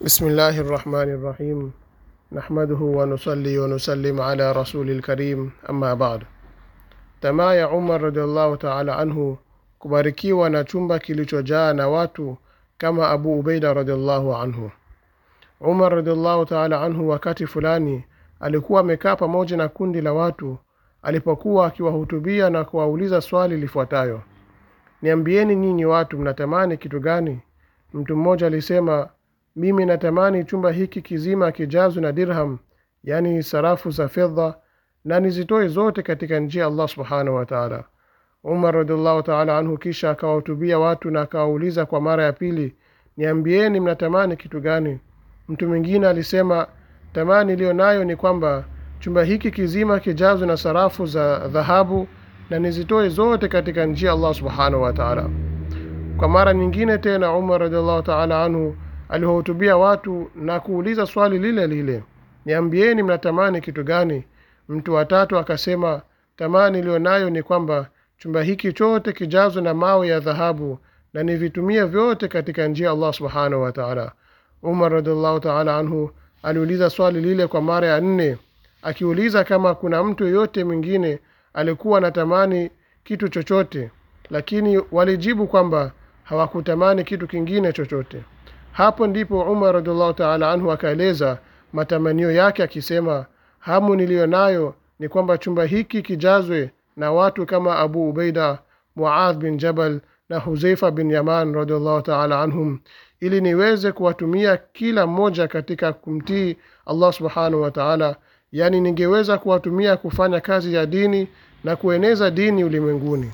بسم الله الرحمن الرحيم نحمده ونصلي ونسلم على رسول الكريم أما بعد Tamaa ya Umar radhiallahu taala anhu kubarikiwa na chumba kilichojaa na watu kama Abu Ubaida radhiallahu anhu. Umar radhiallahu taala anhu wakati fulani alikuwa amekaa pamoja na kundi la watu alipokuwa akiwahutubia na kuwauliza swali lifuatayo: niambieni nyinyi watu mnatamani kitu gani? Mtu mmoja alisema mimi natamani chumba hiki kizima kijazwe na dirham yani sarafu za fedha na nizitoe zote katika njia allah subhanahu wa taala umar radhiallahu taala anhu kisha akawahutubia watu na akawauliza kwa mara ya pili niambieni mnatamani kitu gani mtu mwingine alisema tamani iliyo nayo ni kwamba chumba hiki kizima kijazwe na sarafu za dhahabu na nizitoe zote katika njia allah subhanahu wa taala kwa mara nyingine tena umar radhiallahu taala anhu aliwahutubia watu na kuuliza swali lile lile niambieni mnatamani kitu gani mtu watatu akasema tamani iliyo nayo ni kwamba chumba hiki chote kijazwe na mawe ya dhahabu na nivitumie vyote katika njia allah subhanahu taala. umar radiallahu taala anhu aliuliza swali lile kwa mara ya nne akiuliza kama kuna mtu yoyote mwingine alikuwa anatamani kitu chochote lakini walijibu kwamba hawakutamani kitu kingine chochote hapo ndipo Umar radhiallahu taala anhu akaeleza matamanio yake akisema, hamu niliyo nayo ni kwamba chumba hiki kijazwe na watu kama Abu Ubaida, Muadh bin Jabal na Huzaifa bin Yaman radhiallahu taala anhum, ili niweze kuwatumia kila mmoja katika kumtii Allah subhanahu wa taala, yaani ningeweza kuwatumia kufanya kazi ya dini na kueneza dini ulimwenguni.